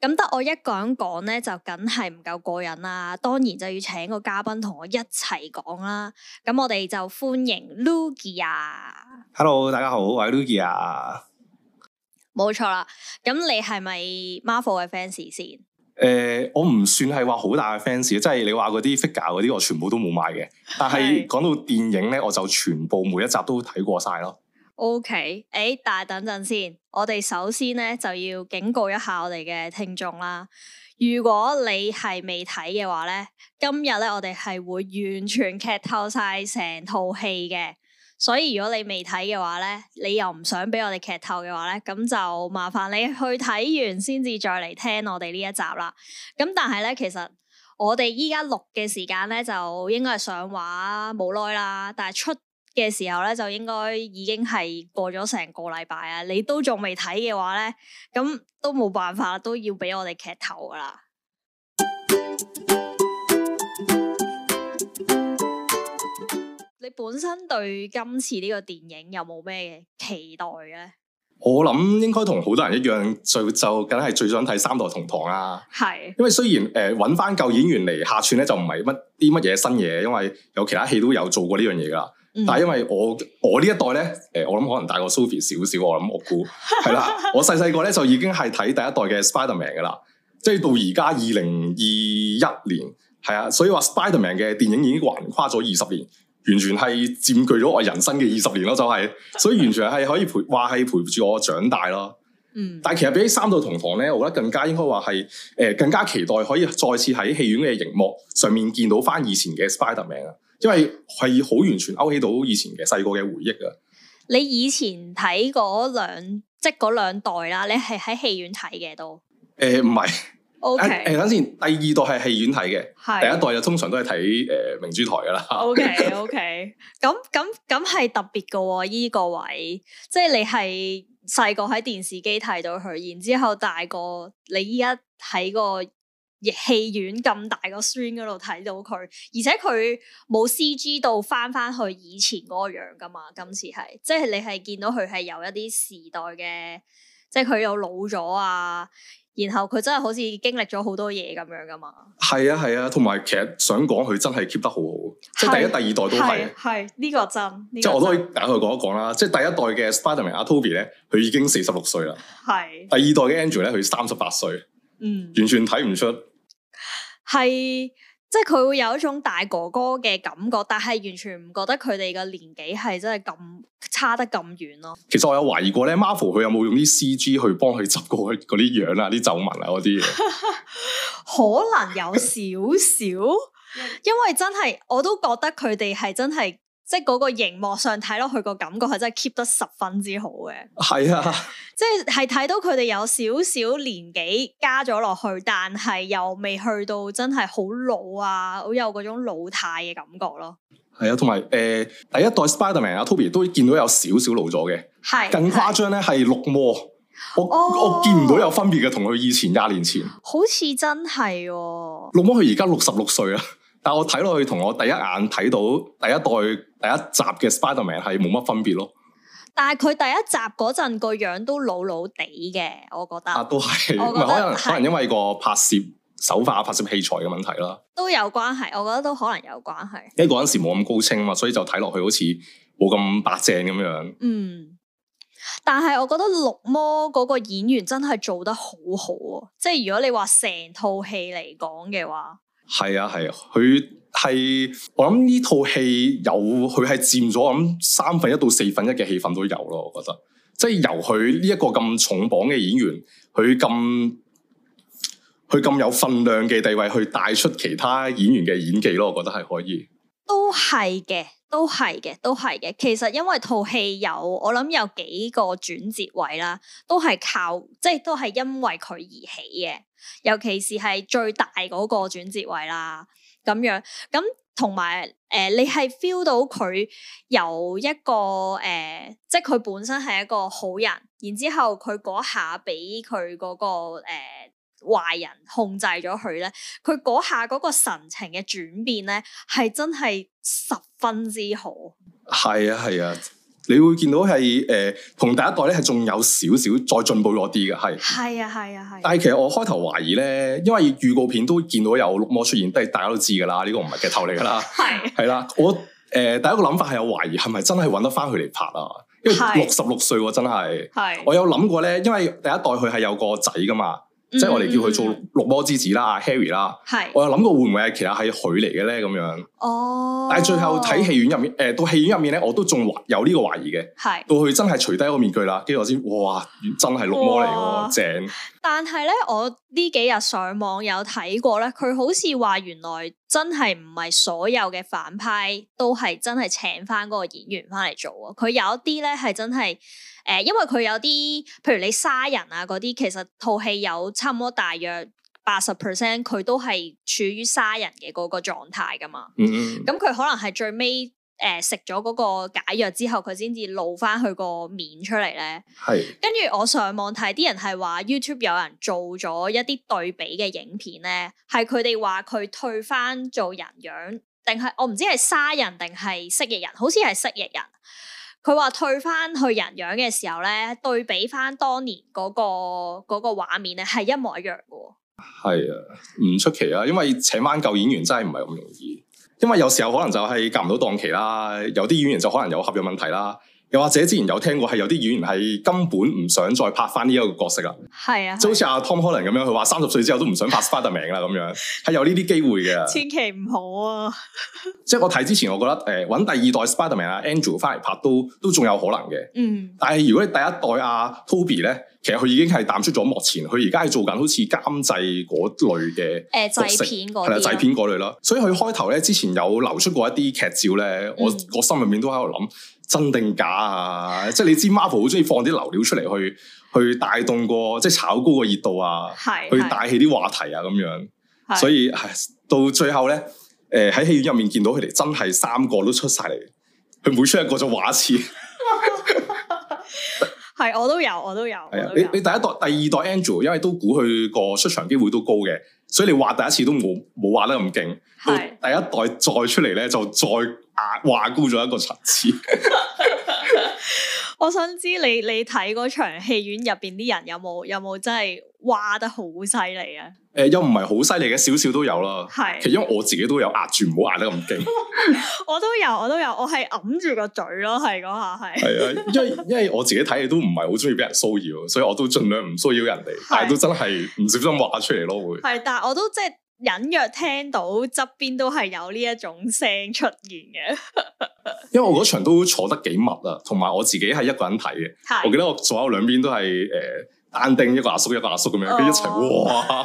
咁得我一個人講咧，就梗係唔夠過癮啦。當然就要請個嘉賓同我一齊講啦。咁我哋就歡迎 Rugia 啊。Hello，大家好，我係 Rugia 啊。冇錯啦。咁你係咪 Marvel 嘅 fans 先？誒、呃，我唔算係話好大嘅 fans，即係你話嗰啲 figure 嗰啲，我全部都冇買嘅。但係講的到電影咧，我就全部每一集都睇過晒咯。OK，誒，但係等陣先，我哋首先咧就要警告一下我哋嘅聽眾啦。如果你係未睇嘅話咧，今日咧我哋係會完全劇透晒成套戲嘅，所以如果你未睇嘅話咧，你又唔想俾我哋劇透嘅話咧，咁就麻煩你去睇完先至再嚟聽我哋呢一集啦。咁但係咧，其實我哋依家錄嘅時間咧就應該係上畫冇耐啦，但係出。嘅時候咧，就應該已經係過咗成個禮拜啊！你都仲未睇嘅話咧，咁都冇辦法，都要俾我哋劇透啦。 你本身對今次呢個電影有冇咩期待咧？我諗應該同好多人一樣，最就就梗係最想睇《三代同堂》啊。係是，因為雖然誒揾翻舊演員嚟客串咧，就唔係乜啲乜嘢新嘢，因為有其他戲都有做過呢樣嘢噶啦。但係因為我我呢一代咧，誒、呃、我諗可能大過 Sophie 少少，我諗我估係啦。我細細個咧就已經係睇第一代嘅 Spider-Man 嘅啦，即係到而家二零二一年係啊，所以話 Spider-Man 嘅電影已經橫跨咗二十年，完全係佔據咗我人生嘅二十年咯，就係、是、所以完全係可以陪話係陪住我長大咯。嗯， 但係其實比起三代同堂咧，我覺得更加應該話係誒更加期待可以再次喺戲院嘅熒幕上面見到返以前嘅 Spider-Man 啊！因為係好完全勾起到以前嘅細個嘅回憶啊！你以前睇嗰兩即係嗰兩代啦，你係喺戲院睇嘅都誒唔係，誒、呃 Okay. 呃、等先，第二代係戲院睇嘅，係是第一代就通常都係睇誒明珠台噶啦 Okay, okay. O K O K，咁咁咁係特別噶、啊，依、呢個位即係你係細個喺電視機睇到佢，然後之後大個你依家睇個。戲院咁大個 screen 嗰度睇到佢，而且佢冇 CG 到翻翻去以前嗰個樣噶嘛。今次係，即係你係見到佢係有一啲時代嘅，即係佢又老咗啊。然後佢真係好似經歷咗好多嘢咁樣噶嘛。係啊係啊，同埋、啊、其實想講佢真係 keep 得好好，是即係第一第二代都係。係呢、這個真。這個、真即係我都可以大概講一講啦。即係第一代嘅 Spiderman 阿 Toby 咧，佢已經四十六歲啦。係是。第二代嘅 Andrew 咧，佢三十八歲。嗯。完全睇唔出。係，即係佢會有一種大哥哥嘅感覺，但係完全唔覺得佢哋嘅年紀係真係咁差得咁遠咯。其實我有懷疑過咧，Marvel 佢有冇用啲 CG 去幫佢執過佢嗰啲樣啊、啲皺紋啊嗰啲嘢。 可能有少少， 因為真係我都覺得佢哋係真係。即係嗰個熒幕上睇落去個感覺係真係 keep 得十分之好嘅。係啊，即係睇到佢哋有少少年紀加咗落去，但係又未去到真係好老啊，好有嗰種老態嘅感覺咯。係啊，同埋誒，第一代 Spider-Man 阿、啊、Toby 都見到有少少老咗嘅。係，係更誇張咧係綠魔，是是我、哦、我見唔到有分別嘅同佢以前廿年前。好似真係，綠魔佢而家六十六歲啊。但係我睇落去同我第一眼睇到第一代第一集嘅 Spiderman 係冇乜分別咯。但係佢第一集嗰陣個樣都老老哋嘅，我覺得老老。啊，都係，可能係可能因為個拍攝手法、拍攝器材嘅問題啦。都有關係，我覺得都可能有關係。因為嗰陣時冇咁高清嘛，所以就睇落去好似冇咁白淨咁樣。嗯，但係我覺得綠魔嗰個演員真係做得好好啊！即係如果你話成套戲嚟講嘅話。係啊，係啊，佢係我諗呢套戲有佢係佔咗咁三分一到四分一嘅戲份都有咯。我覺得即係由佢呢一個咁重磅嘅演員，佢咁佢咁有份量嘅地位去帶出其他演員嘅演技咯，我覺得係可以。都係嘅，都係嘅，都係嘅。其實因為套戲有我諗有幾個轉折位啦，都係靠即係都係因為佢而起嘅。尤其是係最大嗰個轉折位啦，咁樣咁同埋誒，你係 feel 到佢由一個誒、呃，即係佢本身係一個好人，然之後佢嗰下俾佢嗰個誒呃、壞人控制咗佢咧，佢嗰下嗰個神情嘅轉變咧，係真係十分之好。係啊，係啊。你會見到係誒，同、呃、第一代咧係仲有少少再進步咗啲嘅，係。係啊，係啊，係。但係其實我開頭懷疑咧，因為預告片都見到有綠魔出現，但係大家都知噶啦，呢、這個唔係劇透嚟噶啦。係的。係啦的，我誒、呃、第一個諗法係有懷疑，係咪真係揾得翻佢嚟拍啊？因為六十六歲喎，真係。係的。我有諗過咧，因為第一代佢係有個仔噶嘛。即係我哋叫佢做綠魔之子啦，阿 Harry 啦，係，我又諗過會唔會係其實他係佢嚟嘅咧咁樣。哦，但係最後睇戲院入面，誒、呃，到戲院入面咧，我都仲有呢個懷疑嘅。係，到佢真係除低個面具啦，跟住我先，哇，真係綠魔嚟嘅，哇正。但係咧，我呢幾日上網有睇過咧，佢好似話原來真係唔係所有嘅反派都係真係請翻嗰個演員翻嚟做。佢有一啲咧係真係。誒，因為佢有啲，譬如你沙人啊嗰啲，其實套戲有差唔多大約八十 percent，佢都係處於沙人嘅嗰個狀態㗎嘛。嗯嗯。咁佢可能係最尾誒食咗嗰個解藥之後，佢先至露返佢個面出嚟咧。係。跟住我上網睇，啲人係話 YouTube 有人做咗一啲對比嘅影片咧，係佢哋話佢退返做人樣，定係我唔知係沙人定係蜥蜴人，好似係蜥蜴人。佢話退翻去人樣嘅時候咧，對比翻當年嗰個嗰個畫面咧，係一模一樣嘅喎。係啊，唔出奇啊，因為請翻舊演員真係唔係咁容易，因為有時候可能就係夾唔到檔期啦，有啲演員就可能有合約問題啦。又或者之前有聽過係有啲演員係根本唔想再拍翻呢一個角色啦，係啊，即好似阿 Tom Holland 咁樣，佢話三十歲之後都唔想拍 Spiderman 啦咁 樣，係有呢啲機會嘅，千祈唔好啊！即係我睇之前，我覺得誒，搵，呃、第二代 Spiderman 阿 Andrew 翻嚟，拍都都仲有可能嘅。嗯，但係如果你第一代阿，啊、Toby 咧，其實佢已經係淡出咗幕前，佢而家係做緊好似監製嗰類嘅誒製片嗰，啊，係啊製片類啦。所以佢開頭咧之前有流出過一啲劇照咧，我個，嗯、心裏面都喺度諗。真定假啊！即係你知 Marvel 好中意放啲流料出嚟去去帶動個即係炒高個熱度啊，是是去帶起啲話題啊咁樣。是是所以係到最後咧，誒喺戲院入面見到佢哋真係三個都出晒嚟，佢每出一個就嘩一次。係 我都有，我都有。係 啊，你你第一代、第二代 Andrew，因為都估佢個出場機會都高嘅，所以你話第一次都冇冇嘩得咁勁，是 到第一代再出嚟咧就再。壓估咗一個層次 。 我想知你你睇嗰場戲院入邊啲人有冇有冇真係畫得好犀利啊？誒、呃，又唔係好犀利嘅，少少都有啦。係，是 其實因為我自己都有壓住唔好壓得咁勁。我都有，我都有，我係揞住個嘴咯，係嗰下係。係啊，因為因為我自己睇嘢都唔係好中意俾人騷擾，所以我都盡量唔騷擾人哋，但係都真係唔小心畫出嚟咯是 是會。係，但係我都即係。隱約聽到側邊都係有呢一種聲出現嘅。 因為我嗰場都坐得幾密啊，同埋我自己係一個人睇嘅，是我記得我左右兩邊都係誒、呃、單丁一個阿叔一個阿叔咁樣，跟住、哦、一齊哇，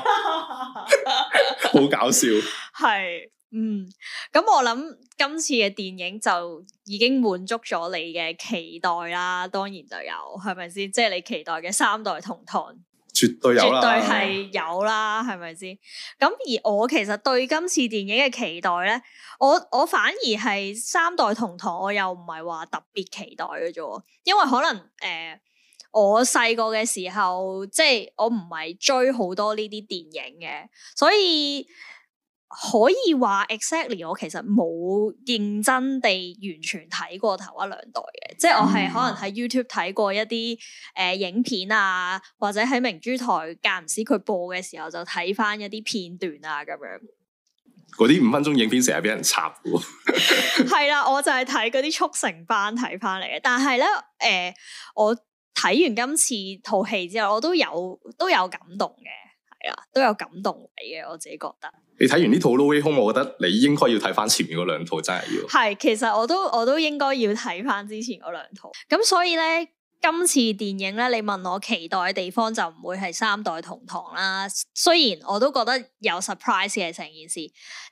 好搞笑，係，嗯，咁我諗今次嘅電影就已經滿足咗你嘅期待啦，當然就有係咪先？即係你期待嘅三代同堂。絕對有啦，絕對係有啦，係咪先？咁而我其實對今次電影嘅期待咧，我我反而係《三代同堂》，我又唔係話特別期待嘅啫，因為可能誒、呃，我細個嘅時候即係、就是、我唔係追好多呢啲電影嘅，所以。可以話 exactly，我其實冇認真地完全睇過頭一兩代嘅，即係我係可能喺 YouTube 睇過一啲誒、呃、影片啊，或者喺明珠台間唔時佢播嘅時候就睇翻一啲片段啊咁樣。嗰啲五分鐘影片成日俾人插嘅。係 啦， 我就係睇嗰啲速成班睇翻嚟嘅。但係咧，誒、呃，我睇完今次套戲之後，我都有都有感動嘅，係啊，都有感動位嘅，我自己覺得。你睇完呢套《No Way Home》，我覺得你應該要睇翻前面嗰兩套，真係要。係，其實我都我都應該要睇翻之前嗰兩套。咁所以咧，今次電影咧，你問我期待嘅地方就唔會係三代同堂啦。雖然我都覺得有 surprise 嘅成件事，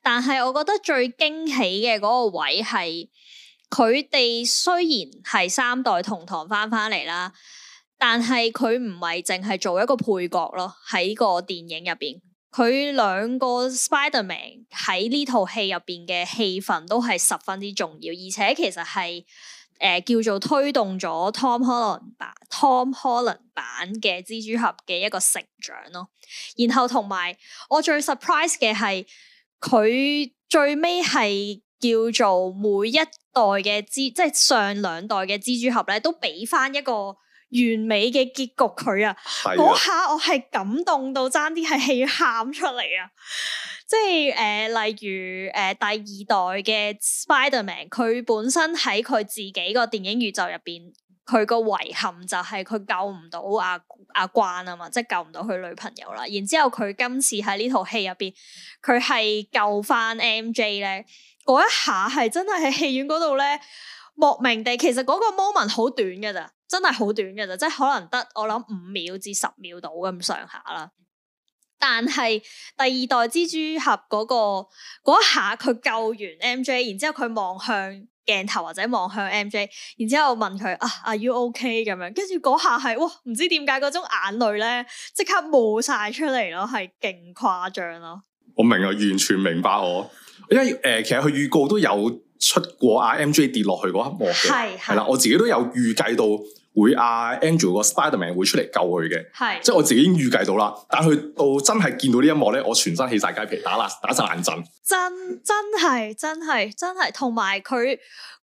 但係我覺得最驚喜嘅嗰個位係佢哋雖然係三代同堂翻翻嚟啦，但係佢唔係淨係做一個配角咯，喺個電影入邊。佢兩個 Spider-Man 喺呢套戲入邊嘅戲份都係十分之重要，而且其實係誒、呃、叫做推動咗 Tom Holland Tom Holland 版嘅蜘蛛俠嘅一個成長咯。然後同埋我最 surprise 嘅係佢最尾係叫做每一代嘅蜘即係上兩代嘅蜘蛛俠咧都俾翻一個。完美嘅結局佢啊，嗰的下我係感動到爭啲係戲院喊出嚟啊！即係誒、呃，例如誒、呃、第二代嘅 Spider-Man，佢本身喺佢自己個電影宇宙入邊，佢個遺憾就係佢救唔到阿阿關啊嘛，即係救唔到佢女朋友啦。然之後佢今次喺呢套戲入邊，佢係救翻 MJ 咧，嗰一下係真係喺戲院嗰度咧。莫名地，其實嗰個 moment 好短㗎咋，真係好短㗎咋，即係可能得我諗五秒至十秒到咁上下啦。但係第二代蜘蛛俠嗰個嗰一下，佢救完 MJ，然之後佢望向鏡頭或者望向 MJ，然之後問佢啊，Are you OK 咁樣？跟住嗰下係哇，唔知點解嗰種眼淚咧，即刻冒晒出嚟咯，係勁誇張咯。我明啊，完全明白我，因為誒，其實佢預告都有。出過阿 MJ 跌落去嗰一幕嘅，係啦是是，我自己都有預計到會阿、啊、Andrew 個 Spiderman 會出嚟救佢嘅，係，是 即係我自己已經預計到啦。但係佢到真係見到呢一幕咧，我全身起晒雞皮，打爛打曬冷震。真真係真係真係，同埋佢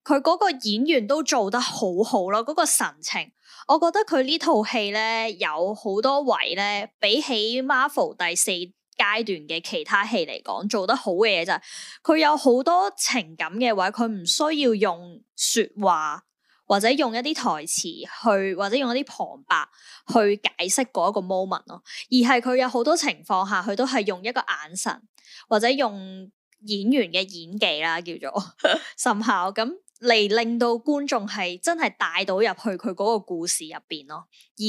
佢嗰個演員都做得好好咯，嗰、那個神情，我覺得佢呢套戲咧有好多位咧，比起 Marvel 第四。階段嘅其他戲嚟講，做得好嘅嘢就係、是、佢有好多情感嘅位，佢唔需要用說話或者用一啲台詞去，或者用一啲旁白去解釋嗰一個 moment 咯，而係佢有好多情況下，佢都係用一個眼神或者用演員嘅演技啦，叫做深刻咁 嚟令到觀眾係真係帶到入去佢嗰個故事入邊咯，而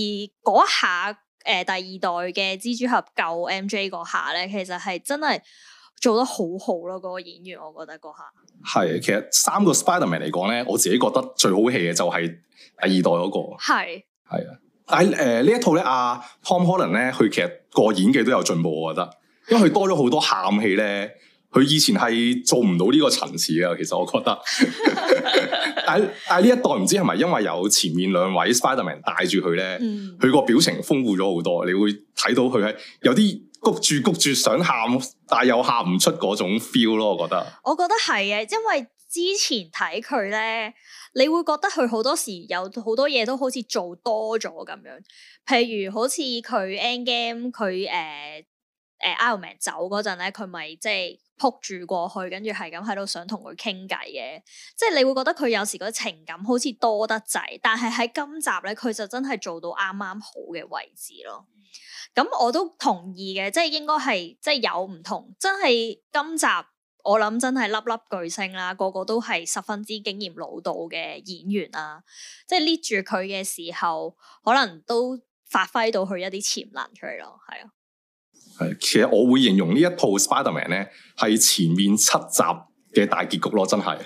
嗰下。誒第二代嘅蜘蛛俠救 MJ 嗰下咧，其實係真係做得好好咯，嗰個演員我覺得嗰下係其實三個 Spiderman 嚟講咧，我自己覺得最好戲嘅就係第二代嗰個係係啊。但係誒呢一套咧，阿 Tom Holland 咧，佢其實個演技都有進步，我覺得，因為佢多咗好多喊戲咧。佢以前係做唔到呢個層次㗎，其實我覺得 但。但但呢一代唔知係咪因為有前面兩位 Spider-Man 帶住佢咧，佢、嗯、個表情豐富咗好多，你會睇到佢喺有啲谷住谷住想喊，但又喊唔出嗰種 feel 咯，我覺得。我覺得係呀，因為之前睇佢咧，你會覺得佢好多時有好多嘢，都好似做多咗咁樣，譬如好似佢 Endgame 佢誒。呃阿明走嗰陣咧，佢咪即係撲住過去，跟住係咁喺度想同佢傾偈嘅。即係你會覺得佢有時個情感好似多得滯，但係喺今集咧，佢就真係做到啱啱好嘅位置咯。咁我都同意嘅，即係應該係即係有唔同，真係今集我諗真係粒粒巨星啦，個個都係十分之經驗老到嘅演員啊。即係拎住佢嘅時候，可能都發揮到佢一啲潛能出嚟咯。係啊。係，其實我會形容呢一套 Spider-Man 咧，係前面七集嘅大結局咯，真係。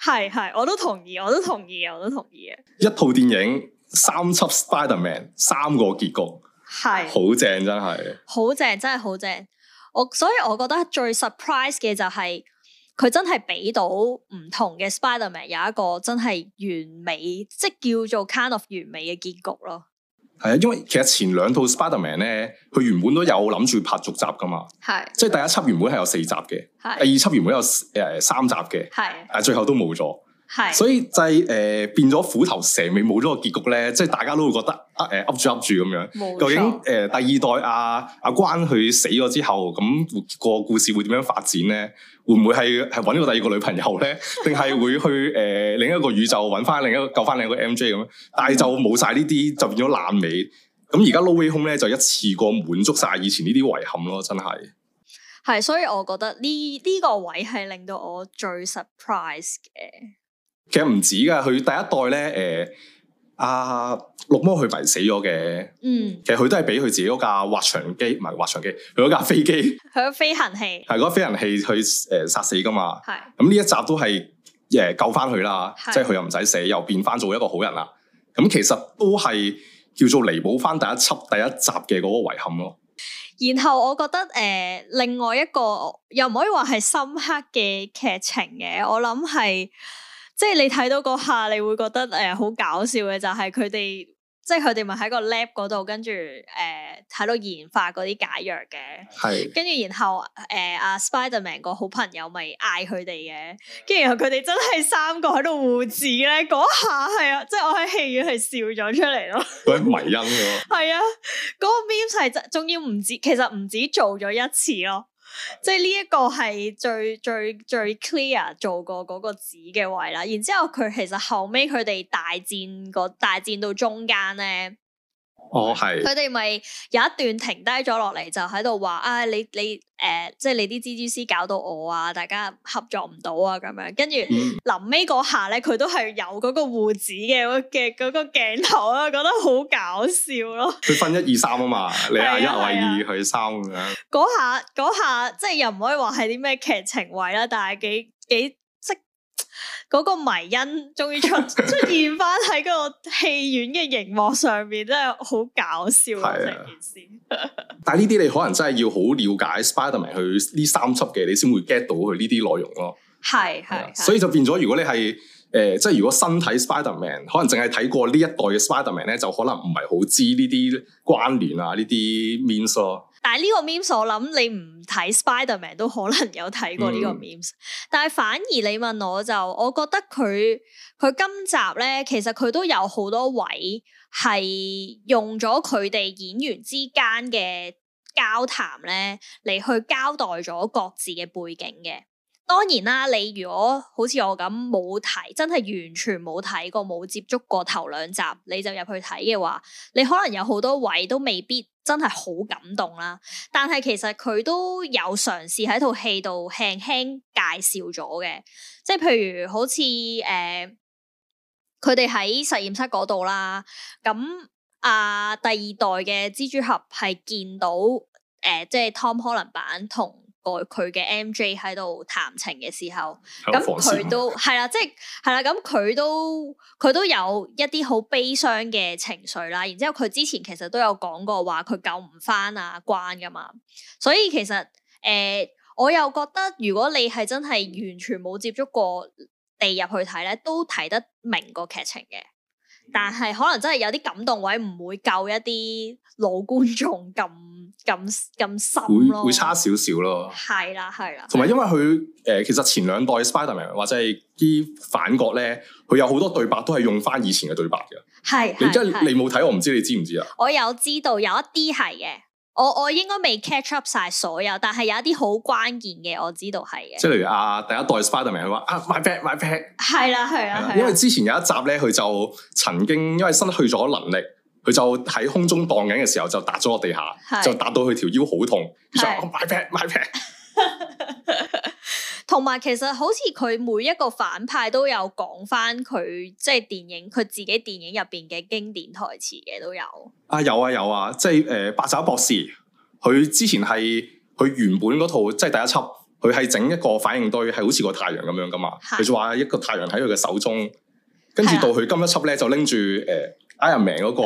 係係，我都同意，我都同意，我都同意，一套電影三輯 Spider-Man，三個結局，係好正，真係。好正，真係好正。我所以我覺得最 surprise 嘅就係、是，佢真係俾到唔同嘅 Spider-Man 有一個真係完美，即、就、係、是，叫做 kind of 完美嘅結局咯。係啊，因為其實前兩套 Spiderman 咧，佢原本都有諗住拍續集噶嘛。係是，即係第一輯原本係有四集嘅，係是，第二輯原本有誒、呃、三集嘅，係是，但係最後都冇咗。所以就係、是、誒、呃、變咗虎頭蛇尾冇咗個結局咧，即、就、係、是、大家都會覺得啊誒噏住噏住咁樣。究竟誒第二代阿、啊、阿關佢死咗之後，咁、那個故事會點樣發展咧？會唔會係係搵個第二個女朋友咧？定係會去誒、呃、另一個宇宙搵翻另一個救翻另一個 M J 咁？但係就冇晒呢啲， 就變咗爛尾。咁而家 Loway 空咧就一次過滿足晒以前呢啲遺憾咯，真係。係，所以我覺得呢呢個位係令到我最 surprise 嘅。其實唔止噶，佢第一代咧，誒、呃，阿、啊、綠魔佢迷死咗嘅，嗯，其實佢都係俾佢自己嗰架滑翔機，唔係滑翔機，佢嗰架飛機，佢嗰飛行器，係嗰飛行器去誒殺死噶嘛，係，咁呢一集都係誒救翻佢啦，即係佢又唔使死，又變翻做一個好人啦，咁其實都係叫做彌補翻第一輯第一集嘅嗰個遺憾咯、啊。然後我覺得誒、呃，另外一個又唔可以話係深刻嘅劇情嘅，我諗係。即係你睇到嗰下，你會覺得誒好、呃、搞笑嘅，就係佢哋即係佢哋咪喺個 lab 嗰度，跟住誒喺度研發嗰啲解藥嘅。係是。跟住然後誒阿、呃啊、Spider-Man 個好朋友咪嗌佢哋嘅，跟住然後佢哋真係三個喺度互指咧。嗰下係 啊，即係我喺戲院係笑咗出嚟咯。佢啲迷因嘅。係啊，嗰個 meme 係，仲要唔止，其實唔止做咗一次咯。即係呢一個係最最最 clear 做過嗰個紙嘅位啦，然之後佢其實後尾，佢哋大戰個大戰到中間咧。哦，係，佢哋咪有一段停低咗落嚟，就喺度話啊，你你誒，即、呃、係、就是、你啲 GDC 搞到我啊，大家合作唔到啊，咁樣，跟住臨尾嗰下咧，佢都係有嗰個互指嘅嘅嗰個鏡頭啊，那個、頭覺得好搞笑咯。佢分一二三啊嘛， 你係說、啊啊、一二二，我二、啊，佢三咁樣。嗰下嗰下即係又唔可以話係啲咩劇情位啦，但係幾幾。嗰個迷因終於出出現翻喺個戲院嘅熒幕上面，真係好搞笑成件事，啊、 但係呢啲你可能真係要好了解 Spiderman 佢呢三輯嘅，你先會 get 到佢呢啲內容咯。係係，所以就變咗，如果你係誒，即、呃、係、就是、如果新睇 Spiderman，可能淨係睇過呢一代嘅 Spiderman 咧，就可能唔係好知呢啲關聯啊，呢啲 means 咯。但係呢個 memes e 我諗你唔睇 Spiderman 都可能有睇過呢個 memes，e、mm hmm. 但係反而你問我就，我覺得佢佢今集咧，其實佢都有好多位係用咗佢哋演員之間嘅交談咧嚟，去交代咗各自嘅背景嘅。當然啦，你如果好似我咁冇睇，真係完全冇睇過，冇接觸過頭兩集，你就入去睇嘅話，你可能有好多位都未必真係好感動啦。但係其實佢都有嘗試喺套戲度輕輕介紹咗嘅，即係譬如好似誒，佢哋喺實驗室嗰度啦，咁啊，呃，第二代嘅蜘蛛俠係見到誒，呃，即係 Tom Holland 版同。佢嘅 MJ 喺度談情嘅時候，咁佢好都係啦，即係係啦，咁佢、啊、都佢都有一啲好悲傷嘅情緒啦。然之後佢之前其實都有講過話佢救唔返啊關噶嘛，所以其實誒、呃，我又覺得如果你係真係完全冇接觸過地入去睇咧，都睇得明個劇情嘅，但係可能真係有啲感動位唔會救一啲老觀眾咁。咁咁深咯，會差少少咯。係啦，係啦。同埋，因為佢誒，其實前兩代 Spiderman 或者係啲反角咧，佢有好多對白都係用翻以前嘅對白嘅。係。你即係你冇睇，我唔知你知唔知啊？我有知道有一啲係嘅，我我應該未 catch up 晒所有，但係有一啲好關鍵嘅，我知道係嘅。即係例如阿第一代 Spiderman 佢話啊，my back，my back。係啦，係啦，因為之前有一集咧，佢就曾經因為失去咗能力。佢就喺空中蕩緊嘅時候就跌咗落地下，是就跌到佢條腰好痛。就 my bad my bad，同埋其實好似佢每一個反派都有講翻佢即係電影佢自己電影入邊嘅經典台詞嘅都有。啊有啊有啊，即係誒八爪博士，佢之前係佢原本嗰套即係第一輯，佢係整一個反應堆係好似個太陽咁樣噶嘛。佢是就話一個太陽喺佢嘅手中，跟住到佢今一輯咧就拎住誒。呃打入名嗰個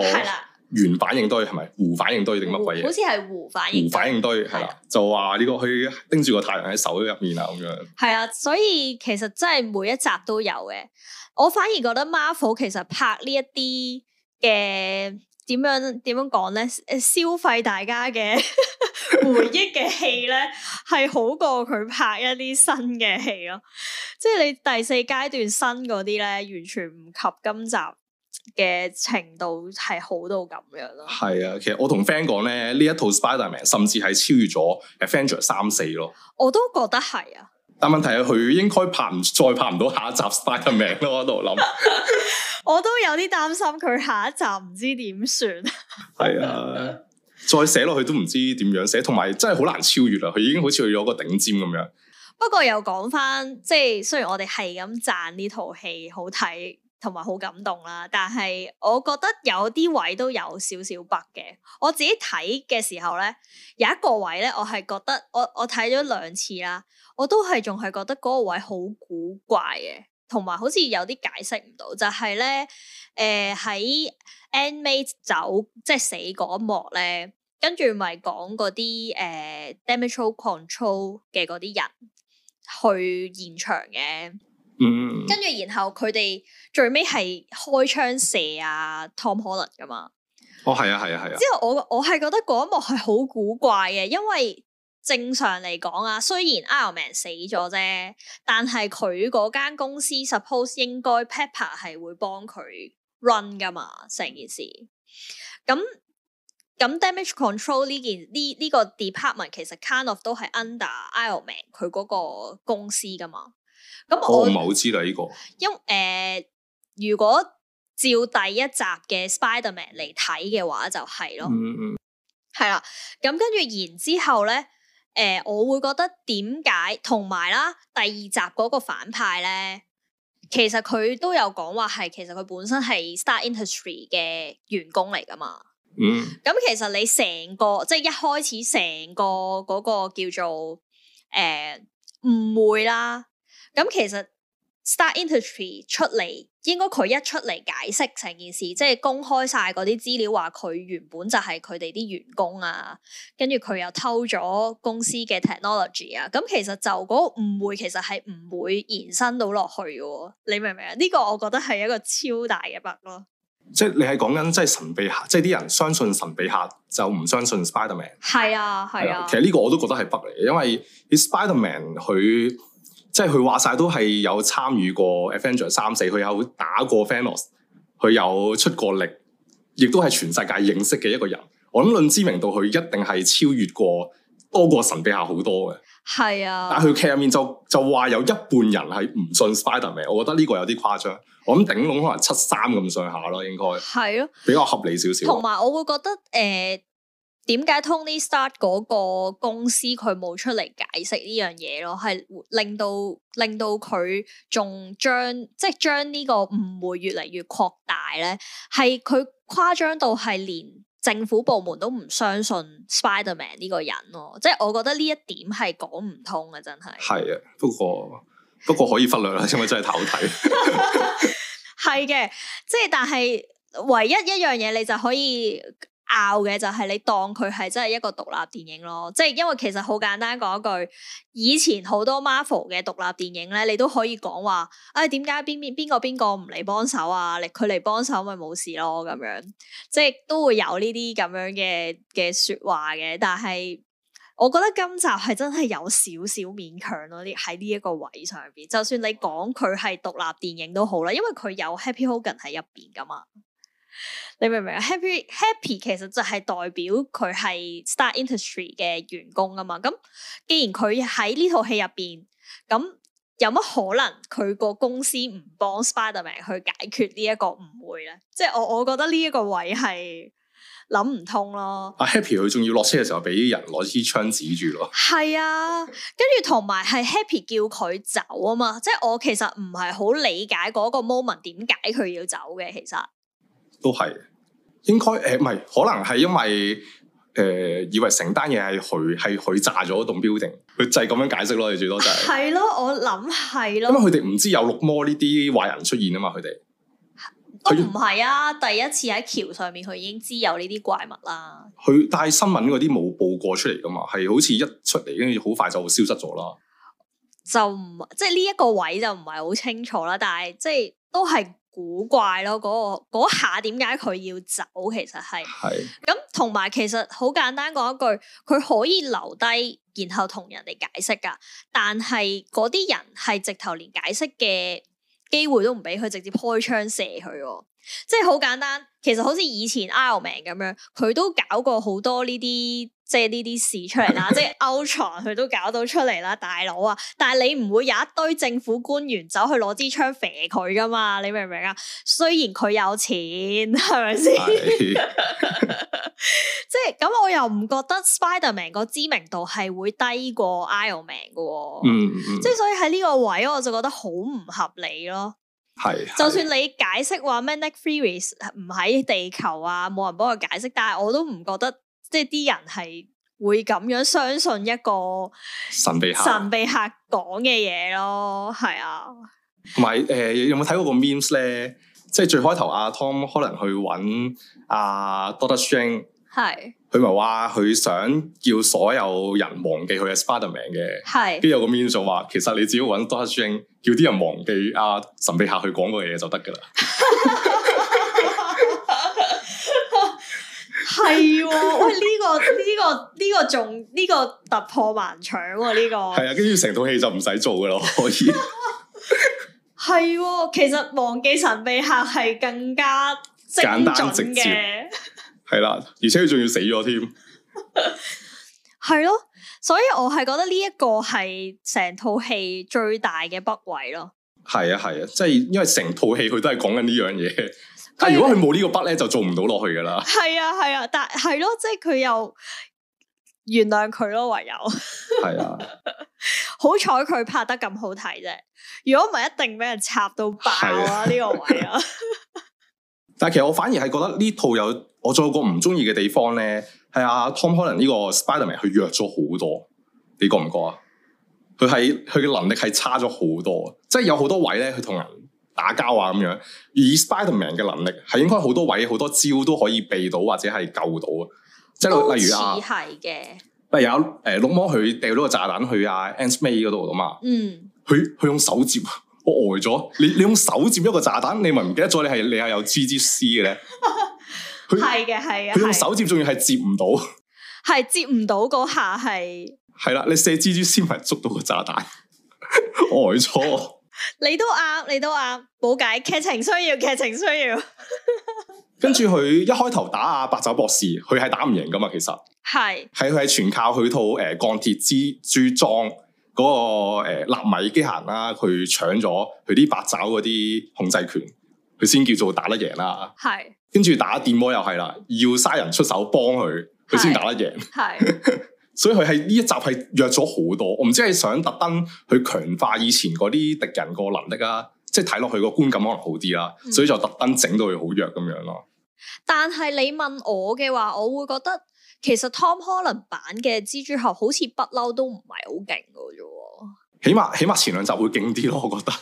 原反應堆係咪？弧、啊、反應堆定乜鬼嘢？好似係弧反應。弧反應堆係啦，就話呢個佢拎住個太陽喺手入面啊，咁樣、啊。係啊，所以其實真係每一集都有嘅。我反而覺得 Marvel 其實拍，呃、呢一啲嘅點樣點樣講咧，消費大家嘅回憶嘅戲咧，係 好過佢拍一啲新嘅戲咯。即係你第四階段新嗰啲咧，完全唔及今集。嘅程度係好到咁樣咯，係啊，其實我同 friend 講咧，呢一套 Spider-Man 甚至係超越咗 Avenger 三四咯，我都覺得係啊。但問題係佢應該拍唔再拍唔到下一集 Spider-Man 咯，Man，我度諗。 我都有啲擔心佢下一集唔知點算。係啊， 再寫落去都唔知點樣寫，同埋真係好難超越啦。佢已經好似去咗個頂尖咁樣。不過又講翻，即係雖然我哋係咁讚呢套戲好睇。同埋好感動啦，但係我覺得有啲位都有少少 bug 嘅。我自己睇嘅時候咧，有一個位咧，我係覺得我我睇咗兩次啦，我都係仲係覺得嗰個位好古怪嘅，同埋好似有啲解釋唔到。就係、是、咧，誒、呃、喺 Aunt May 走即係、就是、死嗰一幕咧，跟住咪講嗰啲誒 Damage Control 嘅嗰啲人去現場嘅。嗯，跟住然後佢哋最尾係開槍射啊 Tom Holland 噶嘛，哦係啊係啊係啊！啊啊之後我我係覺得嗰一幕係好古怪嘅，因為正常嚟講啊，雖然 Iron Man 死咗啫，但係佢嗰間公司 suppose 應該 Pepper 係會幫佢 run 噶嘛成件事，咁咁 damage control 呢件呢呢、呢個 department 其實 kind of 都係 under Iron Man 佢嗰個公司噶嘛。咁我唔係好知啦呢個因，因、呃、誒如果照第一集嘅 Spider-Man 嚟睇嘅話就係咯，嗯嗯，係、嗯、啦，咁跟住然之後咧，誒、呃、我會覺得點解同埋啦第二集嗰個反派咧，其實佢都有講話係其實佢本身係 Star Industry 嘅員工嚟㗎嘛，嗯，咁其實你成個即係一開始成個嗰個叫做誒誤、呃、會啦。咁其實 Stark Industries 出嚟，應該佢一出嚟解釋成件事，即係公開晒嗰啲資料，話佢原本就係佢哋啲員工啊，跟住佢又偷咗公司嘅 technology 啊。咁其實就嗰個誤會，其實係唔會延伸到落去嘅。你明唔明啊？呢個我覺得係一個超大嘅 bug 咯。即係你係講緊即係神秘客，即係啲人相信神秘客就唔相信 Spider Man。係啊係啊，啊。其實呢個我都覺得係 bug 嚟，嘅，因為 Spider Man 佢。即係佢話晒都係有參與過 Avengers 三、四，佢有打過 Venom，佢有出過力，亦都係全世界認識嘅一個人。我諗論知名度，佢一定係超越過多過神秘客好多嘅。係啊。但係佢劇入面就就話有一半人係唔信 Spider-Man，我覺得呢個有啲誇張。我諗頂籠可能七三咁上下咯，應該係咯，啊、比較合理少少。同埋我會覺得誒。呃點解 Tony Stark 嗰個公司佢冇出嚟解釋呢樣嘢咯？係令到令到佢仲將即係將呢個誤會越嚟越擴大咧。係佢誇張到係連政府部門都唔相信 Spider-Man 呢個人咯。即係我覺得呢一點係講唔通嘅，真係。係啊，不過不過可以忽略啦， 因為真係頭睇。係 嘅， 即係但係唯一一樣嘢，你就可以。拗嘅就係你當佢係真係一個獨立電影咯，即係因為其實好簡單講一句，以前好多 Marvel 嘅獨立電影咧，你都可以講話，哎，點解邊邊邊個邊個唔嚟幫手啊？嚟佢嚟幫手咪冇事咯，咁樣即係都會有呢啲咁樣嘅嘅說話嘅。但係我覺得今集係真係有少少勉強咯，呢喺呢一個位上邊，就算你講佢係獨立電影都好啦，因為佢有 Happy Hogan 喺入邊噶嘛。你明唔明啊？Happy Happy 其實就係代表佢係 Stark Industry 嘅員工啊嘛。咁既然佢喺呢套戲入邊，咁有乜可能佢個公司唔幫 Spider-Man 去解決呢一個誤會咧？即係我我覺得呢一個位係諗唔通咯。阿、啊、Happy 佢仲要落車嘅時候俾人攞支槍指住咯。係啊，跟住同埋係 Happy 叫佢走啊嘛。即係我其實唔係好理解嗰個 moment 點解佢要走嘅，其實都係。應該誒唔係，可能係因為誒、呃、以為成單嘢係佢係佢炸咗棟 building，佢就係咁樣解釋咯，你最多就係、係。係咯，我諗係咯。因為佢哋唔知有綠魔呢啲壞人出現啊嘛，佢哋都唔係啊，他第一次喺橋上面，佢已經知有呢啲怪物啦。佢但係新聞嗰啲冇報過出嚟噶嘛，係好似一出嚟跟住好快就會消失咗啦。就唔即係呢一個位就唔係好清楚啦，但係即係都係。古怪咯，嗰個嗰下點解佢要走？其實係，咁同埋其實好簡單講一句，佢可以留低，然後同人哋解釋噶，但係嗰啲人係直頭連解釋嘅機會都唔俾佢，直接開槍射佢。即係好簡單，其實好似以前 Iron Man 咁樣，佢都搞過好多呢啲即係呢啲事出嚟啦， 即係 Ultron 佢都搞到出嚟啦，大佬啊！但係你唔會有一堆政府官員走去攞支槍射佢噶嘛？你明唔明啊？雖然佢有錢，係咪先？即係咁，我又唔覺得 Spider Man 個知名度係會低過 Iron Man 噶、喔。嗯、mm，即、hmm. 係所以喺呢個位，我就覺得好唔合理咯。係，就算你解釋話咩 Nick Fury 唔喺地球啊，冇人幫佢解釋，但係我都唔覺得，即係啲人係會咁樣相信一個神秘客神秘客講嘅嘢咯，係啊。同埋誒，有冇睇過個 meme 咧？即係最開頭啊，Tom 可能去揾啊 Doctor Strange 係，佢咪話佢想叫所有人忘記佢嘅 Spiderman 嘅，跟住是有個 mention 話，其實你只要搵 Doctor Strange 叫啲人忘記阿、啊、神秘客去講個嘢就得噶啦。係、 哦，喂呢、這個呢、這個呢、這個仲呢、這個這個突破盲腸啊呢、這個。係 啊，跟住成套戲就唔使做噶啦，可以。係、 哦，其實忘記神秘客係更加精準嘅。係啦，而且佢仲要死咗添，係咯， 所以我係覺得呢一個係成套戲最大嘅筆位咯。係啊係啊，啊，即係因為成套戲佢都係講緊呢樣嘢，但如果佢冇呢個筆咧，就做唔到落去噶啦。係啊係啊，但係係咯，即係佢又原諒佢咯，唯有係 啊， 好彩佢拍得咁好睇啫。如果唔係，一定俾人插到爆啊呢、啊、個位啊。 但係其實我反而係覺得呢套有我仲有個唔中意嘅地方咧，係阿、啊、Tom Holland 呢個 Spiderman 佢弱咗好多，你覺唔覺啊？佢係佢嘅能力係差咗好多，即係有好多位咧，佢同人打交啊咁樣，而 Spiderman 嘅能力係應該好多位好多招都可以避到或者係救到啊！即係例如啊，似係嘅，例如誒綠魔佢掉咗個炸彈去啊 Aunt May 嗰度啊嘛，嗯，佢佢、嗯、用手接。我呆咗，你你用手接一個炸彈，你咪唔記得咗？你係你係有蜘蛛絲嘅咧？佢係嘅，係嘅。佢用手接，仲要係接唔到，係接唔到嗰下係。係啦，你射蜘蛛絲，咪捉到個炸彈， 呆咗了 你都啱，你都啱，冇解。劇情需要，劇情需要。 跟住佢一開頭打阿八爪博士，佢係打唔贏噶嘛？其實係係佢係全靠佢套誒鋼鐵蜘蛛裝。嗰、那個誒、呃、納米機械人啦，佢搶咗佢啲八爪嗰啲控制權，佢先叫做打得贏啦。係，跟住打電波又係啦，要嘥人出手幫佢，佢先打得贏。係， 所以佢係呢一集係弱咗好多。我唔知係想特登去強化以前嗰啲敵人個能力啊，即係睇落去個觀感可能好啲啦。所以就特登整到佢好弱咁樣咯。嗯、但係你問我嘅話，我會覺得。其實 Tom Holland 版嘅蜘蛛俠好似不嬲都唔係好勁㗎啫，起碼起碼前兩集會勁啲咯，我覺得。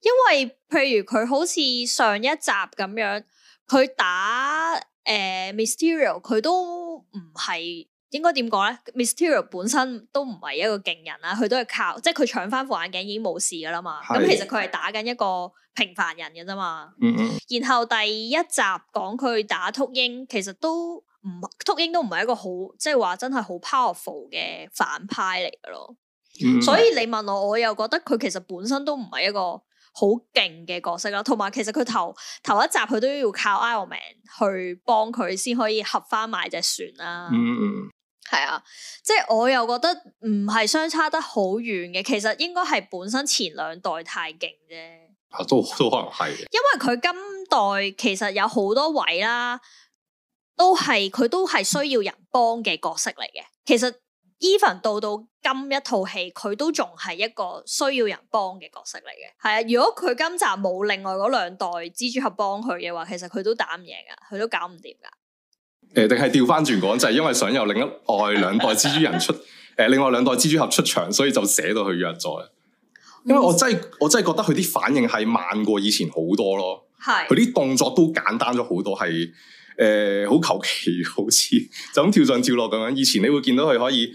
因為譬如佢好似上一集咁樣，佢打誒、呃、Mysterio，佢都唔係應該點講咧？Mysterio 本身都唔係一個勁人啦，佢都係靠即係佢搶翻副眼鏡已經冇事噶啦嘛。咁是的 其實佢係打緊一個平凡人嘅啫嘛。嗯嗯，然後第一集講佢打禿鷹，其實都。唔，禿鷹都唔係一個好，即係話真係好 powerful 嘅反派嚟嘅咯。Mm hmm. 所以你問我，我又覺得佢其實本身都唔係一個好勁嘅角色啦。同埋其實佢頭頭一集佢都要靠 Iron Man 去幫佢先可以合翻埋隻船啦。嗯嗯，係啊，即係、mm hmm. 啊就是、我又覺得唔係相差得好遠嘅，其實應該係本身前兩代太勁啫、啊。都都可能係，因為佢今代其實有好多位啦。都係佢都係需要人幫嘅角色嚟嘅。其實 Even 到到今一套戲，佢都仲係一個需要人幫嘅角色嚟嘅。係啊，如果佢今集冇另外嗰兩代蜘蛛俠幫佢嘅話，其實佢都打唔贏噶，佢都搞唔掂噶。誒、呃，定係調翻轉講，就係、是、因為想由另一代、兩代蜘蛛人出，誒、 呃，另外兩代蜘蛛俠出場，所以就寫到佢約咗。因為我真係我真係覺得佢啲反應係慢過以前好多咯。係佢啲動作都簡單咗好多，係。誒、呃，好求其，好 似就咁跳上跳落咁樣。以前你會見到佢可以，誒、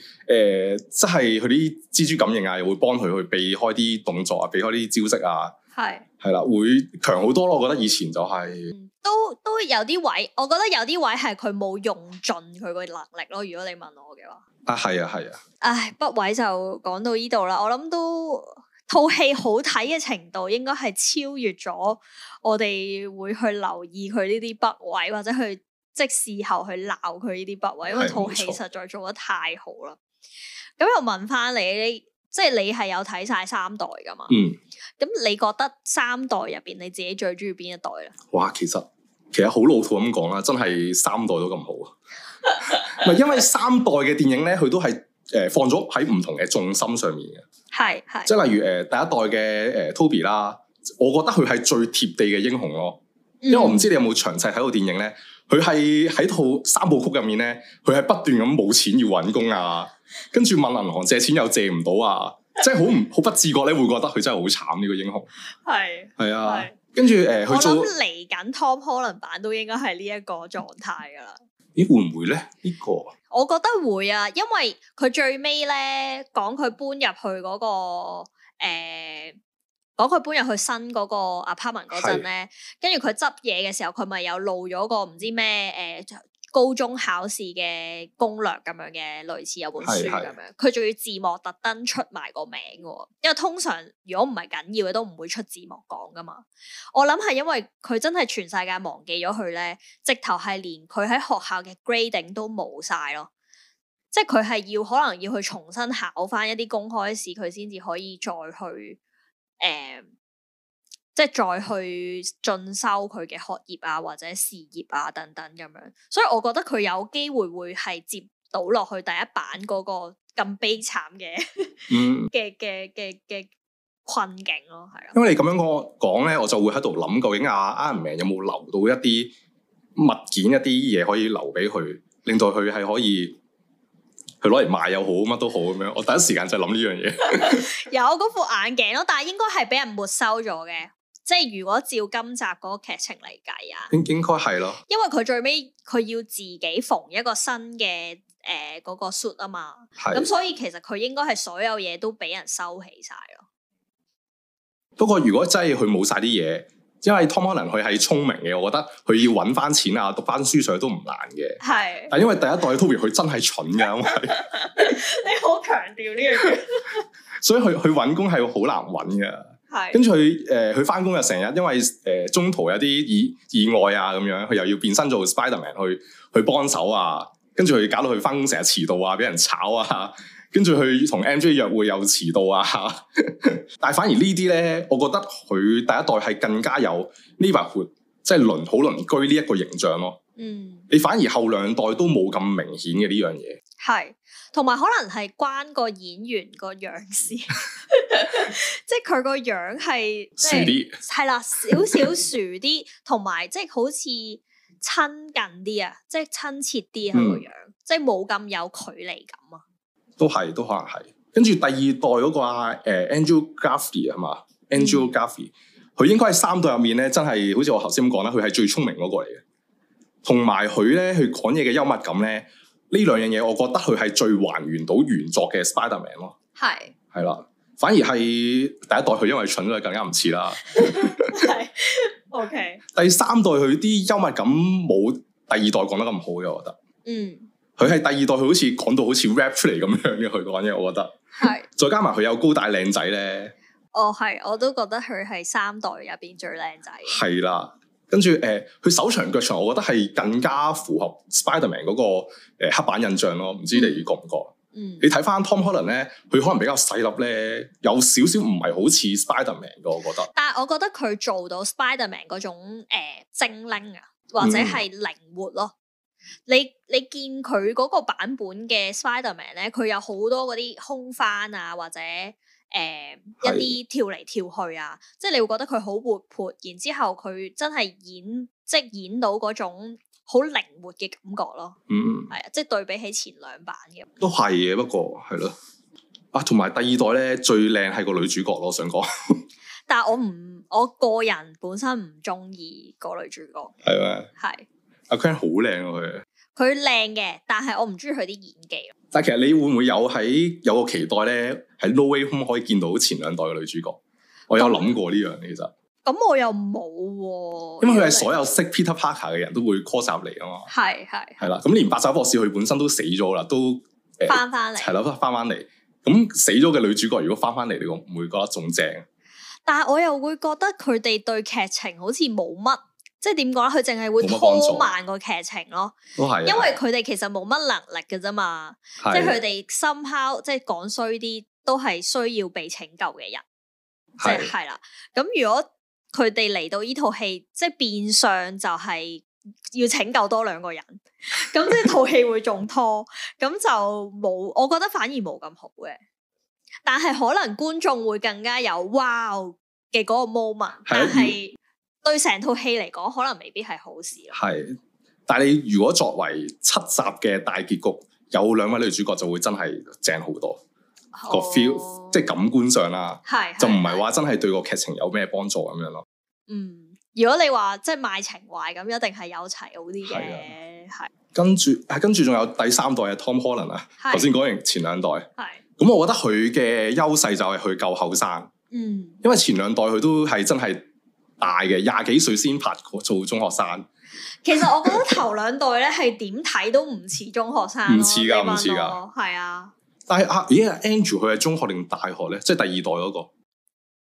呃，即係佢啲蜘蛛感應啊，又會幫佢去避開啲動作啊，避開啲招式啊。係係啦，會強好多咯。我覺得以前就係、是嗯，都都有啲位，我覺得有啲位係佢冇用盡佢個能力咯。如果你問我嘅話，啊，係啊，係啊。唉，不位就講到呢度啦。我諗都。套戲好睇嘅程度，應該係超越咗我哋會去留意佢呢啲 bug 位，或者去即事後去鬧佢呢啲 bug 位，因為套戲實在做得太好啦。咁又錯問翻你，即你即係你係有睇晒三代噶嘛？嗯。咁你覺得三代入邊，你自己最中意邊一代咧？哇，其實其實好老土咁講啦，真係三代都咁好啊！係 因為三代嘅電影咧，佢都係。誒放咗喺唔同嘅重心上面嘅，係係，即係例如誒第一代嘅誒 Toby 啦，我覺得佢係最貼地嘅英雄咯，嗯、因為我唔知你有冇詳細睇到電影咧，佢係喺套三部曲入面咧，佢係不斷咁冇錢要揾工啊，跟住問銀行借錢又借唔到啊，即係好唔好不自覺咧會覺得佢真係好慘呢、呢個英雄，係係啊，是跟住誒佢做嚟緊 Tom Holland 都應該係呢一個狀態噶啦。咦，會唔會咧呢個？我覺得會啊，因為佢最尾咧講佢搬入去嗰個誒，講佢搬入去新嗰個 apartment 陣咧，跟住佢執嘢嘅時候，佢咪是的 有露咗個唔知咩誒。呃高中考試嘅攻略咁樣嘅，類似有本書咁樣，佢仲係係要字幕特登出埋個名喎。因為通常如果唔係緊要嘅都唔會出字幕講㗎嘛。我諗係因為佢真係全世界忘記咗佢咧，直頭係連佢喺學校嘅 grading 都冇晒咯。即係佢係要可能要去重新考返一啲公開試，佢先至可以再去誒。呃即係再去進修佢嘅學業啊，或者事業啊，等等咁樣，所以我覺得佢有機會會係接到落去第一版嗰個咁悲慘嘅，嘅嘅嘅嘅困境咯，係啊。因為你咁樣講咧，我就會喺度諗，究竟阿 Iron Man 有冇留到一啲物件、一啲嘢可以留俾佢，令到佢係可以去攞嚟賣又好，乜都好咁樣。我第一時間就係諗呢樣嘢，嗯、 有嗰副眼鏡咯，但係應該係俾人沒收咗嘅。即係如果照今集嗰個劇情嚟計啊，應該係咯。因為佢最尾佢要自己縫一個新嘅誒嗰個 suit 啊嘛。係的。咁所以其實佢應該係所有嘢都俾人收起晒咯。不過如果真係佢冇晒啲嘢，因為 Tom Holland 佢係聰明嘅，我覺得佢要搵翻錢啊、讀翻書上去都唔難嘅。係的。但因為第一代 Toby 佢真係蠢噶，因為 你好強調呢樣嘢， 所以佢佢搵工係好難搵噶。是跟住佢誒，佢翻工又成日，因為誒、呃、中途有啲意意外啊咁樣，佢又要變身做 Spiderman 去去幫手啊。跟住佢搞到佢翻工成日遲到啊，俾人炒啊。跟住佢同 MJ 約會又遲到啊。 但係反而呢啲咧，我覺得佢第一代係更加有 neighborhood，即係鄰好鄰居呢一個形象咯。嗯，你反而後兩代都冇咁明顯嘅呢樣嘢。係。同埋可能係關個演員個樣事 一，即係佢個樣係，係啦，少少薯啲，同埋即係好似親近啲啊，即係親切啲啊個樣，即係冇咁有距離感啊、嗯。都係，都可能係。跟住第二代嗰個阿誒 Andrew Garfield 啊嘛 Andrew Garfield 佢應該係三代入面咧，真係好似我頭先咁講啦，佢係最聰明嗰個嚟嘅。同埋佢咧，佢講嘢嘅幽默感咧。呢兩樣嘢，我覺得佢係最還原到原作嘅 Spider-Man 咯。係是。係啦，反而係第一代佢因為蠢，佢更加唔似啦。係。OK。第三代佢啲幽默感冇第二代講得咁好嘅，我覺得。嗯。佢係第二代，佢好似講到好似 rap 出嚟咁樣嘅，佢講嘢我覺得。係是。再加埋佢有高大靚仔咧。哦，係，我都覺得佢係三代入邊最靚仔。係啦。跟住誒，佢、呃、手長腳長，我覺得係更加符合 Spider-Man 嗰、那個、呃、黑板印象咯。唔知你覺唔覺？嗯，你睇翻 Tom Holland 咧，佢可能比較細粒咧，有少少唔係好似 Spider-Man 嘅，我覺得。但係我覺得佢做到 Spider-Man 嗰種、呃、精靈啊，或者係靈活咯。嗯、你你見佢嗰個版本嘅 Spider-Man 咧，佢有好多嗰啲空翻啊，或者～誒，嗯、一啲跳嚟跳去啊，是即係你會覺得佢好活潑，然之後佢真係演，即係演到嗰種好靈活嘅感覺咯。嗯，係啊，即係對比起前兩版嘅，都係嘅。不過係咯，啊，同埋第二代咧最靚係個女主角咯，我想講。 但係我唔，我個人本身唔中意個女主角，係咩嗎？係是，阿 Ken 好靚啊佢。佢靚嘅，但係我唔中意佢啲演技。但係其實你會唔會有喺有個期待咧，喺《No Way Home》可以見到前兩代嘅女主角？那我有諗過呢樣，其實咁我又冇、啊。因為佢係所有識 Peter Parker 嘅人都會 call 入嚟啊嘛。係係係啦，咁連八爪博士佢本身都死咗啦，都翻翻嚟係啦，翻翻嚟。咁來死咗嘅女主角如果翻翻嚟，你會唔會覺得仲正？但係我又會覺得佢哋對劇情好似冇乜。即係點講？佢淨係會拖慢個劇情咯，是啊、因為佢哋其實冇乜能力㗎啫嘛。是啊、即係佢哋深拋，即係講衰啲，都係需要被拯救嘅人。是啊、即係係啦。咁、啊、如果佢哋嚟到呢套戲，即係變相就係要拯救多兩個人，咁即係套戲會仲拖，咁 就冇。我覺得反而冇咁好嘅。但係可能觀眾會更加有哇嘅嗰個 moment，、啊、但係。對成套戲嚟講，可能未必係好事。係，但係你如果作為七集嘅大結局，有兩位女主角就會真係正好多個、oh, feel，即係感官上啦。係，就唔係話真係對個劇情有咩幫助咁樣咯。嗯，如果你話即係賣情懷，咁一定係有齊好啲嘅。係的是、啊，跟住，跟住仲有第三代嘅 Tom Holland 啊是，頭先講完前兩代。係是，咁我覺得佢嘅優勢就係佢夠後生。嗯，因為前兩代佢都係真係。大嘅廿幾歲先拍過做中學生， 其實我覺得頭兩代咧係點睇都唔似中學生，唔似噶，唔似噶，係啊。但係啊，咦、啊啊、Andrew 佢係中學定大學咧？即、就、係、是、第二代嗰、那個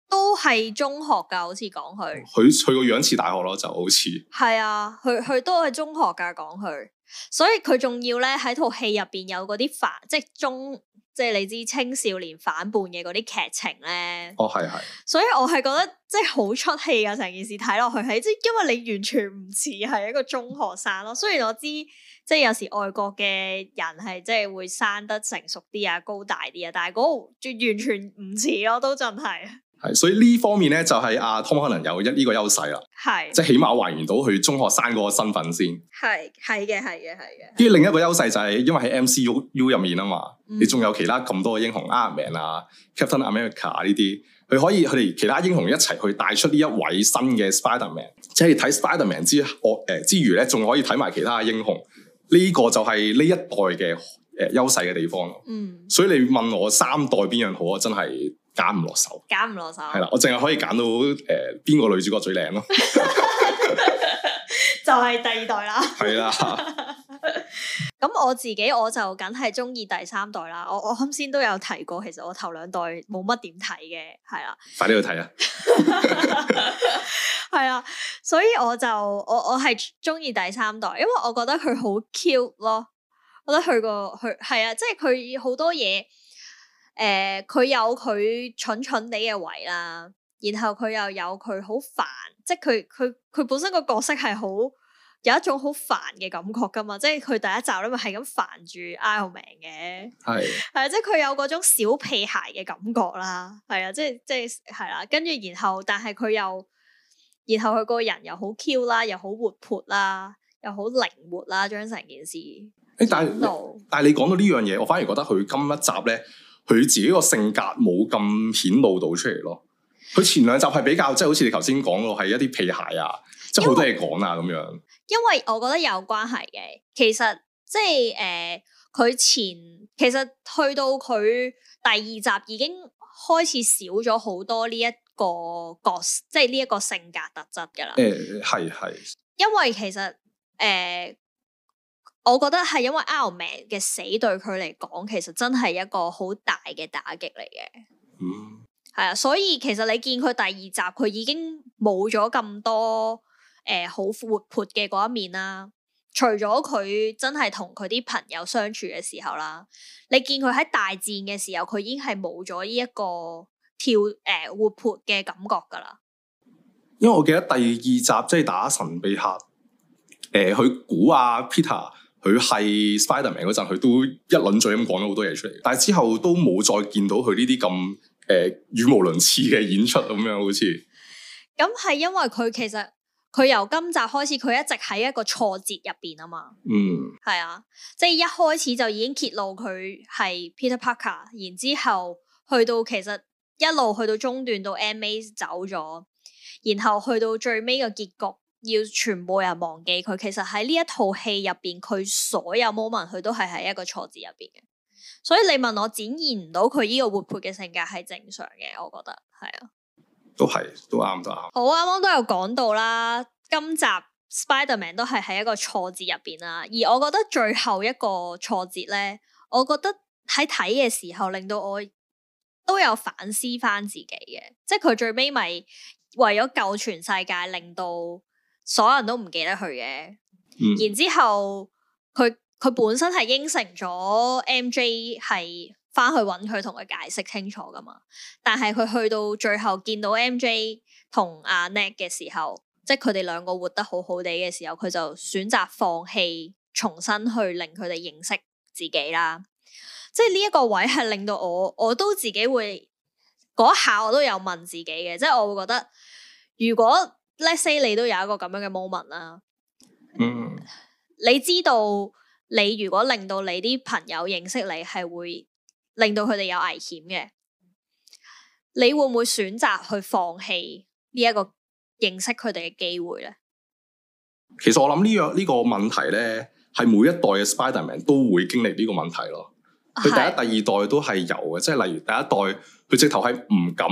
都係中學噶，好似講佢，佢佢個樣似大學咯，就好似係啊，佢佢都係中學噶，講佢，所以佢仲要咧喺套戲入邊有嗰啲法，即係中。即係你知青少年反叛嘅嗰啲劇情咧，哦係係，是是，所以我係覺得即係好出戲啊！成件事睇落去係即係，因為你完全唔似係一個中學生咯。雖然我知即係有時外國嘅人係即係會生得成熟啲啊、高大啲啊，但係嗰個完全唔似咯，都真係。係，所以呢方面咧就係阿湯可能有一呢個優勢啦，係，即係起碼還原到佢中學生嗰個身份先，係，係嘅，係嘅，係嘅。跟住另一個優勢就係，因為喺 MCU 入面啊嘛，你仲有其他咁多嘅英雄，Iron Man 啊，Captain America 呢啲，佢可以佢哋其他英雄一齊去帶出呢一位新嘅 Spider-Man，即係睇 Spider-Man 之我呃之餘咧，仲可以睇埋其他嘅英雄，呢個就係呢一代嘅呃優勢嘅地方。嗯，所以你問我三代邊樣好啊？真係。揀唔落手，揀唔落手，係啦，我淨係可以揀到誒，呃、邊個女主角最靚咯？ 就係第二代啦，係啦。咁我自己我就梗係中意第三代啦。我我啱先都有提過，其實我頭兩代冇乜點睇嘅，係啦。快啲去睇啊！係啊，所以我就我我係中意第三代，因為我覺得佢好 cute 咯。我覺得佢個佢係啊，即係佢好多嘢。誒、佢、呃、有佢蠢蠢哋嘅位啦，然後佢又有佢好煩，即係佢佢佢本身個角色係好有一種好煩嘅感覺噶嘛，即係佢第一集咧，咪係咁煩住 Iron Man 嘅，係係即係佢有嗰種小屁孩嘅感覺啦，係啊，即係即係係啦，跟住然後但係佢又然後佢個人又好 Q 啦，又好活潑啦，又好靈活啦，將成件事誒，但係但係你講到呢樣嘢，我反而覺得佢今一集咧。佢自己個性格冇咁顯露到出嚟咯。佢前兩集係比較即係、就是、好似你頭先講過，係一啲屁孩啊，即係好多嘢講啊咁樣。因為我覺得有關係嘅，其實即係誒，佢、呃、前其實去到佢第二集已經開始少咗好多呢一個角色，即係呢一個性格特質㗎喇。誒、呃，係係。因為其實誒。呃我覺得係因為 Iron Man 嘅死對佢嚟講，其實真係一個好大嘅打擊嚟嘅。係啊、嗯，所以其實你見佢第二集，佢已經冇咗咁多誒好、呃、活潑嘅嗰一面啦。除咗佢真係同佢啲朋友相處嘅時候啦，你見佢喺大戰嘅時候，佢已經係冇咗呢一個跳誒、呃、活潑嘅感覺㗎喇。因為我記得第二集即係、就是、打神秘客，誒、呃，佢估啊 Peter。佢係 Spiderman 嗰陣，佢都一輪嘴咁講咗好多嘢出嚟。但係之後都冇再見到佢呢啲咁誒語無倫次嘅演出咁樣，好似。咁係因為佢其實佢由今集開始，佢一直喺一個挫折入邊啊嘛。嗯，係啊，即係一開始就已經揭露佢係 Peter Parker，然之後去到其實一路去到中段到 MA 走咗，然後去到最尾嘅結局。要全部人忘記佢，其實喺呢一套戲入邊，佢所有 moment，佢都係喺一個挫折入邊嘅，所以你問我展現唔到佢依個活潑嘅性格係正常嘅，我覺得係啊，都係，都啱，都啱。好，啱啱都有講到啦，今集 Spider-Man 都係喺一個挫折入邊啦，而我覺得最後一個挫折咧，我覺得喺睇嘅時候令到我都有反思翻自己嘅，即係佢最尾咪為咗救全世界，令到。所有人都唔記得佢嘅，嗯、然之後佢佢本身係應承咗 MJ 係返去揾佢同佢解釋清楚㗎嘛，但係佢去到最後見到 MJ 同阿 Ned 嘅時候，即係佢哋兩個活得好好哋嘅時候，佢就選擇放棄，重新去令佢哋認識自己啦。即係呢一個位係令到我我都自己會嗰下我都有問自己嘅，即係我會覺得如果。Let’s say 你都有一個咁樣嘅 moment 啦、mm，嗯、hmm.，你知道你如果令到你啲朋友認識你，係會令到佢哋有危險嘅，你會唔會選擇去放棄呢一個認識佢哋嘅機會咧？其實我諗呢個呢個問題咧，係每一代嘅 Spiderman 都會經歷呢個問題咯。佢第一、的第二代都係有嘅，即係例如第一代佢直頭係唔敢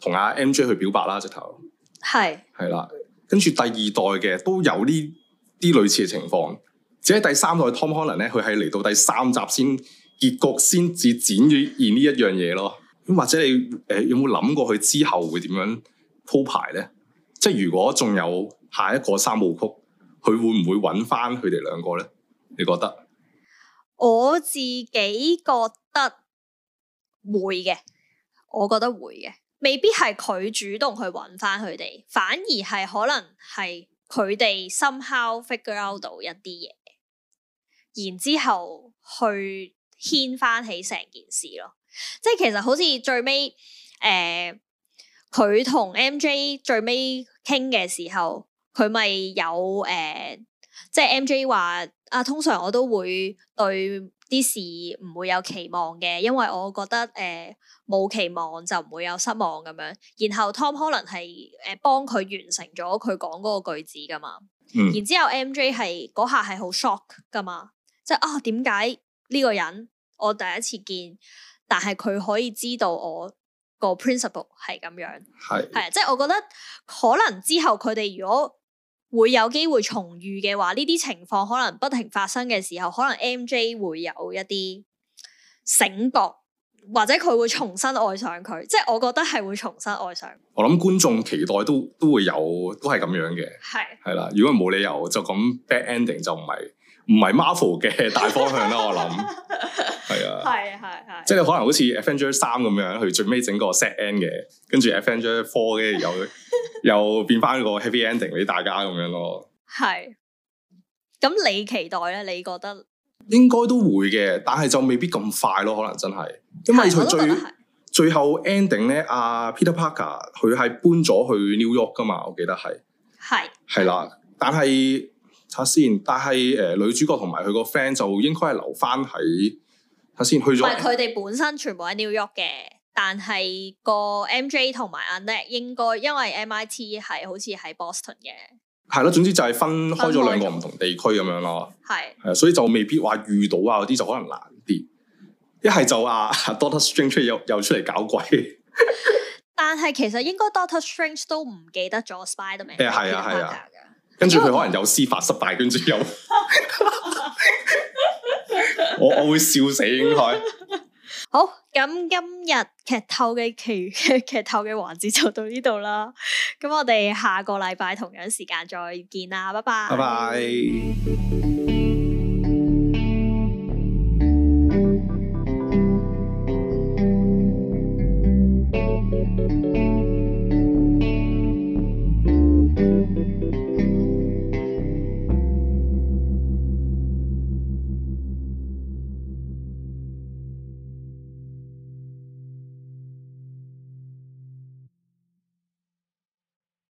同阿 MJ 去表白啦，直頭。係，係啦，跟住第二代嘅都有呢啲類似嘅情況。只係第三代 Tom Holland 咧，佢係嚟到第三集先結局，先至展現呢一樣嘢咯。咁或者你誒有冇諗過佢之後會點樣鋪排咧？即係如果仲有下一個三部曲，佢會唔會揾翻佢哋兩個咧？你覺得？我自己覺得會嘅，我覺得會嘅。未必係佢主動去揾翻佢哋，反而係可能係佢哋 somehow figure out 到一啲嘢，然之後去牽翻起成件事咯。即係其實好似最尾，誒、呃，佢同 MJ 最尾傾嘅時候，佢咪有誒、呃，即係 MJ 話啊，通常我都會對啲事唔會有期望嘅，因為我覺得誒冇、呃、期望就唔會有失望咁樣。然後 Tom 可能係誒幫佢完成咗佢講嗰個句子㗎嘛。嗯、然之後 MJ 係嗰下係好 shock 㗎嘛，即係啊點解呢個人我第一次見，但係佢可以知道我個 principle 係咁樣，係係即係我覺得可能之後佢哋如果。會有機會重遇嘅話，呢啲情況可能不停發生嘅時候，可能 MJ 會有一啲醒覺，或者佢會重新愛上佢。即係我覺得係會重新愛上。我諗觀眾期待都都會有，都係咁樣嘅。係係啦，如果冇理由就咁 bad ending 就唔係。唔係 Marvel 嘅大方向啦，我諗係 啊，係係係，即係可能好似 Avengers 三咁樣佢最尾整個 set end 嘅，跟住 Avengers four 咧又 又變翻個 heavy ending 俾大家咁樣咯。係，咁你期待咧？你覺得應該都會嘅，但係就未必咁快咯，可能真係，因為佢最最後 ending 咧，阿、啊、Peter Parker 佢係搬咗去 New York 噶嘛，我記得係係係啦，但係。睇先，但係誒、呃、女主角同埋佢個 friend 就應該係留翻喺頭先去咗。唔係佢哋本身全部喺 New York 嘅，但係個 MJ 同埋 Annette 應該因為 MIT 係好似喺 Boston 嘅，係咯、嗯。總之就係分開咗兩個唔同地區咁樣咯。係係，所以就未必話遇到啊，嗰啲就可能難啲。一係就啊 Doctor Strange 又又出嚟搞鬼。但係其實應該 Doctor Strange 都唔記得咗 Spider-Man、欸。啊係啊。跟住佢可能有司法失敗，跟住又，我我會笑死應該。好，咁今日劇透嘅其餘劇透嘅環節就到呢度啦。咁我哋下個禮拜同樣時間再見啦，拜拜。拜拜。